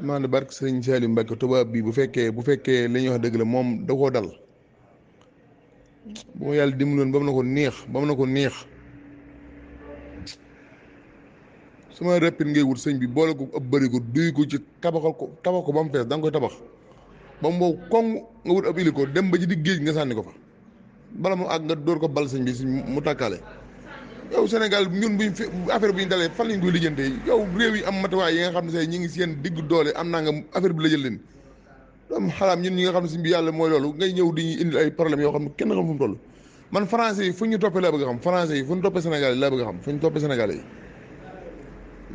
maanaam barke sëriñ Saliou mbakk tubaab bii bu fekkee bu fekkee li ñuy wax dëgg la moom da koo dal bu ma yàlla dimbaloon ba mu na ko neex ba mu na ko neex sama rapide ngay wut sëñ bi boole ko ab bëri ko duy ko ci tabaxal ko tabax ko ba mu fees danga koy tabax ba mu boobu koŋ nga wut ab ili ko dem ba ci di géej nga sànni ko fa bala mu àgg nga dóor ko bal sëñ bi mu tàkkaale yow Sénégal ñun buñ fi affaire bu ñu dalee fan lañ koy lijjantee yow réew yi am matuwaay yi nga xam ne say ñu ngi seen digg doole am naa nga affaire bi la jël leen xalaam ñun ñi nga xam ne si bi yàlla mooy loolu ngay ñëw di ñu indil xam ne kenn xam fu man français yi ñu toppee laa bëgg a xam français yi fu ñu toppee sénégalais yi laa bëgg a xam fu ñu toppee sénégalais yi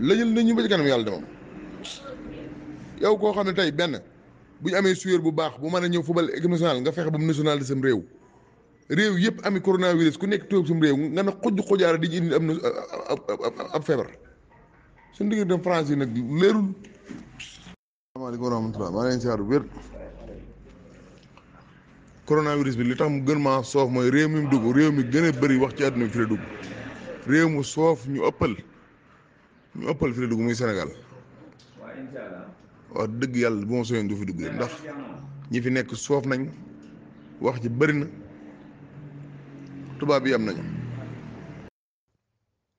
la jël ñu ba ci kanam yàlla demam yow koo xam ne tey benn bu ñu amee suyeer bu baax bu mën a ñëw football équipe nationale nga fexe ba mu national de sam réew réew yëpp ami coronavirus ku nekk toog suñu réew nga ne xoj xojaara di indi am na ab feebar suñu diggante France yi nag leerul. asalaamaaleykum wa rahmatulah maa leen siyaar wér. coronavirus bi li tax mu gën maa soof mooy réew mi mu dugg réew mi gën a bëri wax ci àdduna bi fi la dugg réew mu soof ñu ëppal ñu ëppal fi la dugg muy senegal wax dëgg yàlla bu ma soñoon du fi dugg ndax ñi fi nekk soof nañ wax ci bari na. tubaab yi am nañu.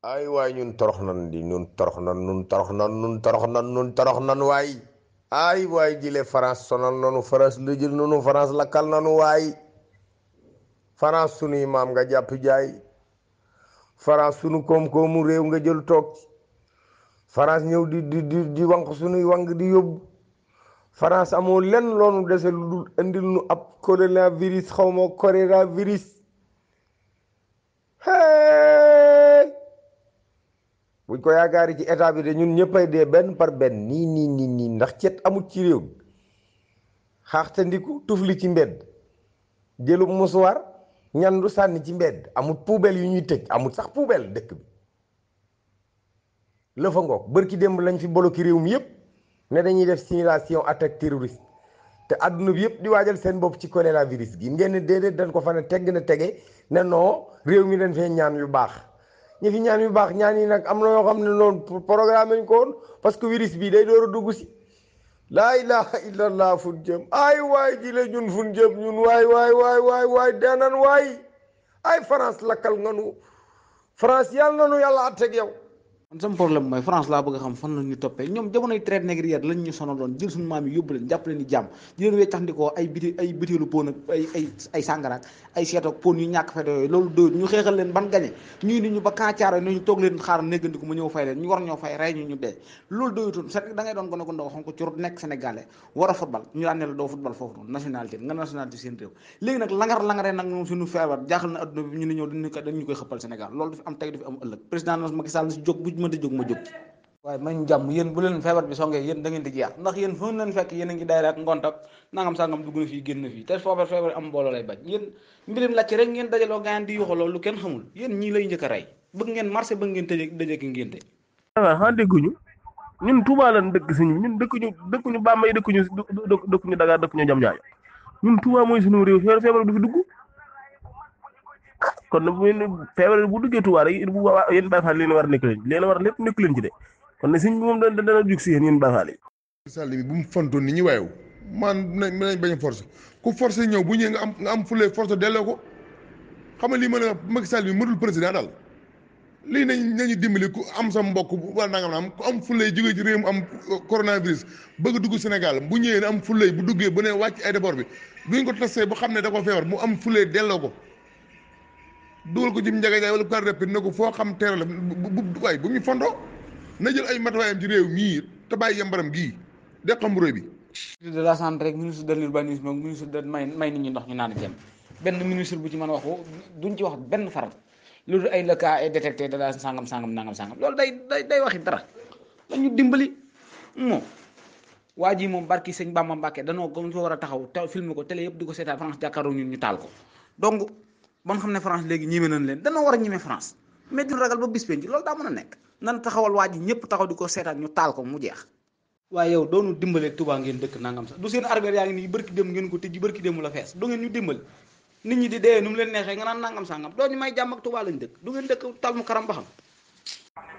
ay waay ñun torox nan di ñun torox nan ñun torox nan ñun torox nan waay ay waay jile France sonal nanu France lu jël nanu France lakkal nanu waay France sunuy maam nga jàpp jaay France sunu koom-koomu réew nga jël toog France ñëw di di di di sunuy wànq di yóbbu France amoo lenn loonu dese lu dul indil nu ab coronavirus xaw ma coronavirus hey buñ ko yaakaari ci état bi de ñun ñëppay dee benn par benn nii nii nii nii ndax cet amut ci réew mi xaaxta ndiku tufli ci mbedd jëlu musuwaar ñandu sànni ci mbedd amut poubelle yu ñuy tëj amut sax poubelle dëkk bi lëfa ngoog bërki démb lañ fi boloki réew mi yépp ne dañuy def simulation attaque terroriste te àdduna bi yëpp di waajal seen bopp ci coronavirus gi ngeen ne déedéet dañ ko fan a tegg na tege ne non réew mi dañ fee ñaan yu baax ñi fi ñaan yu baax ñaan yi nag am na yoo xam ne noonu programme ñu ko parce que virus bi day door dugg si laa ilaha illallah fun jëm ay waay ji la ñun fun jëm ñun waay waay waay waay waay danan waay ay France lakkal nga nu France yàlla na nu yàlla teg yow man sama yu ñàkk ñëw fay leen ñu war ñoo fay rey ñu ñu dee loolu doyutoon c'est doon ko nekk sénégalais war a football ñu daan nationalité seen réew léegi nag langar langaree nag ñoom suñu feebar jaaxal na adduna bi ñu ne ñëw dañu koy xëppal Sénégal loolu dafa am tey dafa am ëllëg président Macky Sall si jóg mënta jóg ma jóg waaye mañ jàmm yéen bu leen feebar bi songee yéen da ngeen di ndax yéen fu leen fekk yéen a ngi day rek ngont ak nangam sangam dugg na fii génn na fii te foofu feebar am a ah, dugg kon nag bu ngeen feebar bu duggee Tuubaa rek bu boobaa yéen Baay Faal leen war nekk leen leen war lépp nekk leen ci de kon ne sëñ bi moom bu mu fantoon ni ñu waayew man nañ nañ bañ a ku forcé ñëw bu ñëwee nga am nga am fulee forcé delloo ko xam nga lii ma ne Macky Sall bi mënul président daal lii nañ ñu dimbali ku am sa mbokk wala nangam am ku am fulee jógee ci réew mu am coronavirus bëgg dugg Sénégal bu ñëwee ne am fulee bu duggee bu ne wàcc aéroport bi duñ ko tasee ba xam ne da ko feebar mu am fulee delloo ko dugal ko jëm njëgëjaay wala car rapide ne ko foo xam teeral bu bu waay bu ñu fondoo na jël ay matuwaayam ci réew mii te bàyyi yambaram gii de xam réew bi. ministre de la santé rek ministre de l'urbanisme ak ministre de may may nit ndox ñu naan jëm benn ministre bu ci mën a waxu duñ ci wax benn farat loolu ay le cas est détecté da daal sangam sangam nangam sangam loolu day day day waxi dara dañu dimbali moom. waa ji moom barki sëñ Bamba Mbàkke danoo ko fa war a taxaw taw filmé ko télé yëpp du ko seetaan France jàkkaaroo ñun ñu taal ko donc. ba nga xam ne France léegi ñime nañ leen dana war a ñime France mais duñ ragal ba bis penc loolu daa mën a nekk nan taxawal waa ji ñëpp taxaw di ko seetaan ñu taal ko mu jeex. waaye yow doonu dimbale Touba ngeen dëkk nangam sax du seen armée yaa ngi nii bërki dem ngeen ko tijji bërki demu la fees du ngeen ñu dimbale nit ñi di dee nu mu leen neexee nga naan nangam sangam doo ñu may jàmm ak Touba lañ dëkk du ngeen dëkk tal mu karam ba xam.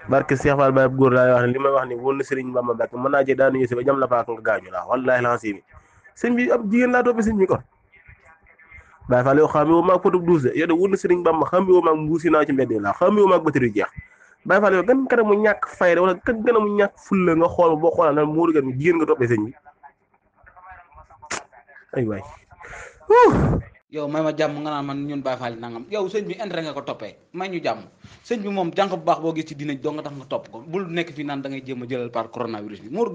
may wax ni wóor na Serigne Bamba Mbacke mën naa jee laa wallaahi la sëñ bi ab jigéen laa topp Baay Faal yow xamee woo maag potub douze yow de wut na Sëriñ Bamba xamee woo maag mbuusi naa ci mbedd yi laa xamee woo maag batterie yu jeex Baay Faal yow gën gën a mu ñàkk fayda wala gën gën a mu ñàkk fulla nga xool boo xoolal nag muuru gan jigéen nga toppee sëñ bi ay waay yow may ma jàmm nga naan man ñun Baay Faal nangam yow sëñ bi intérêt nga ko toppee may ñu jàmm sëñ bi moom jànq bu baax boo gis ci diina doo nga tax nga topp ko bul nekk fii naan da ngay a jëlal par coronavirus bi doo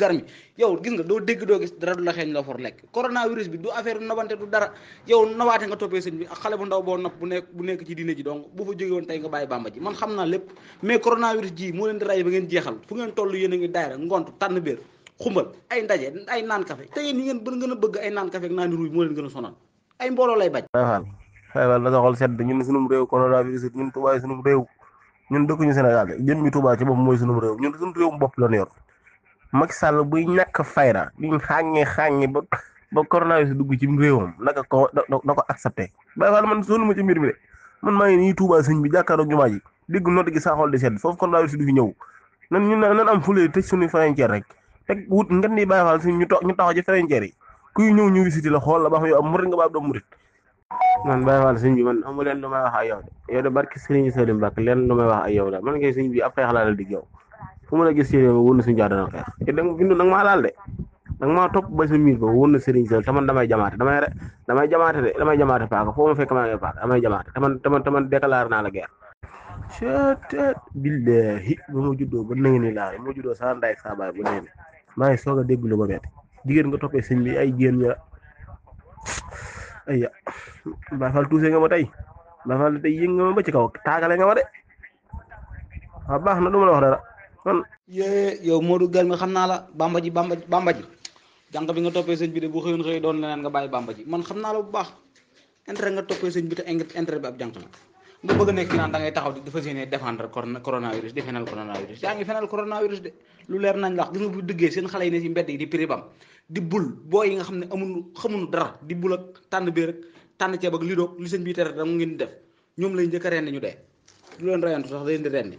dégg doo gis dara du la xeeñ loo for lekk coronavirus bi du affaire nobante du dara yow nawaate ba ngeen jeexal fu ngeen toll yéen a ngi daayira ngont tànn béer xumbal ay ndaje ay naan café te yéen ñi ngeen bën ngeen a bëgg ay naan café ak naan ruuy moo leen gën a sonal ay mbooloo lay bañ. waaw na sa xol sedd ñun sunum réew coronavirus ñun tubaay sunum réew ñun dëkkuñu Sénégal jën bi Touba ci bopp mooy sunum réew ñun sunum réew bopp la ñu yor Macky Sall buy ñàkk fayra liñ xàññee xàññee ba ba coronavirus dugg ci réewam naka ko na ko accepté Baye man sonn ma ci mbir mi de man maa ngi nii Touba sëñ bi jàkkaaroog jumaa ji dégg noot gi saa xol di sedd foofu coronavirus du fi ñëw nan ñu nan am fulee tëj suñu frontière rek teg wut ngeen di Baye Fall suñ ñu taxaw ci frontière yi kuy ñëw ñu visité la xool la baax yow am murit nga baab murit man bàyyi wàll sëñ bi man amu leen lu may wax ak yow de yow de barki sëriñ Saliou Mbacke leen lu may wax a yow de man ngay sëñ bi ab xeex laa la dig yow fu ma la gis sëriñ wóor na suñu jaar dana xeex te danga bindu nag maa laal de nag maa sa miir ba wóor na sëriñ Saliou damay jamaate damay re damay jamaate de damay jamaate paaka foo ma fekk maa ngi paaka damay jamaate te man te man te man déclaré naa la guerre ctet billahi ba ma juddoo ba na nga ni laa ma juddoo saa ndaay saa baay ba nee maa ngi soog a dégg lu ma jigéen nga toppee sëñ bi ay jigéen ña aywa Baay Faal tuuse nga ma tey Baay Faal tey yëng nga ma ba ci kaw taagale nga ma de waaw na du ma la wax dara man. yee yow Modou Gal nga xam naa la bamba ji ba ji bamba bi nga toppee sëñ bi de bu xëyoon xëy doon leneen nga bàyyi bamba ji man xam naa la bu baax intérêt nga toppee sëñ bi te intérêt bi ab jànq la nga bëgg a nekk fi naan da ngay taxaw di dafa séenee défendre coronavirus di fenal coronavirus yaa ngi fenal coronavirus de lu leer nañ la wax gis nga dëggee seen xale yi ne si mbedd yi di prix bam di bul boo yi nga xam ne amuñu xamuñu dara di bul ak tànn biir rek tànn ceeb ak li doog li seen bii tere da ngeen def ñoom lay njëkk a rendi ñu dee du leen reyantu sax da leen di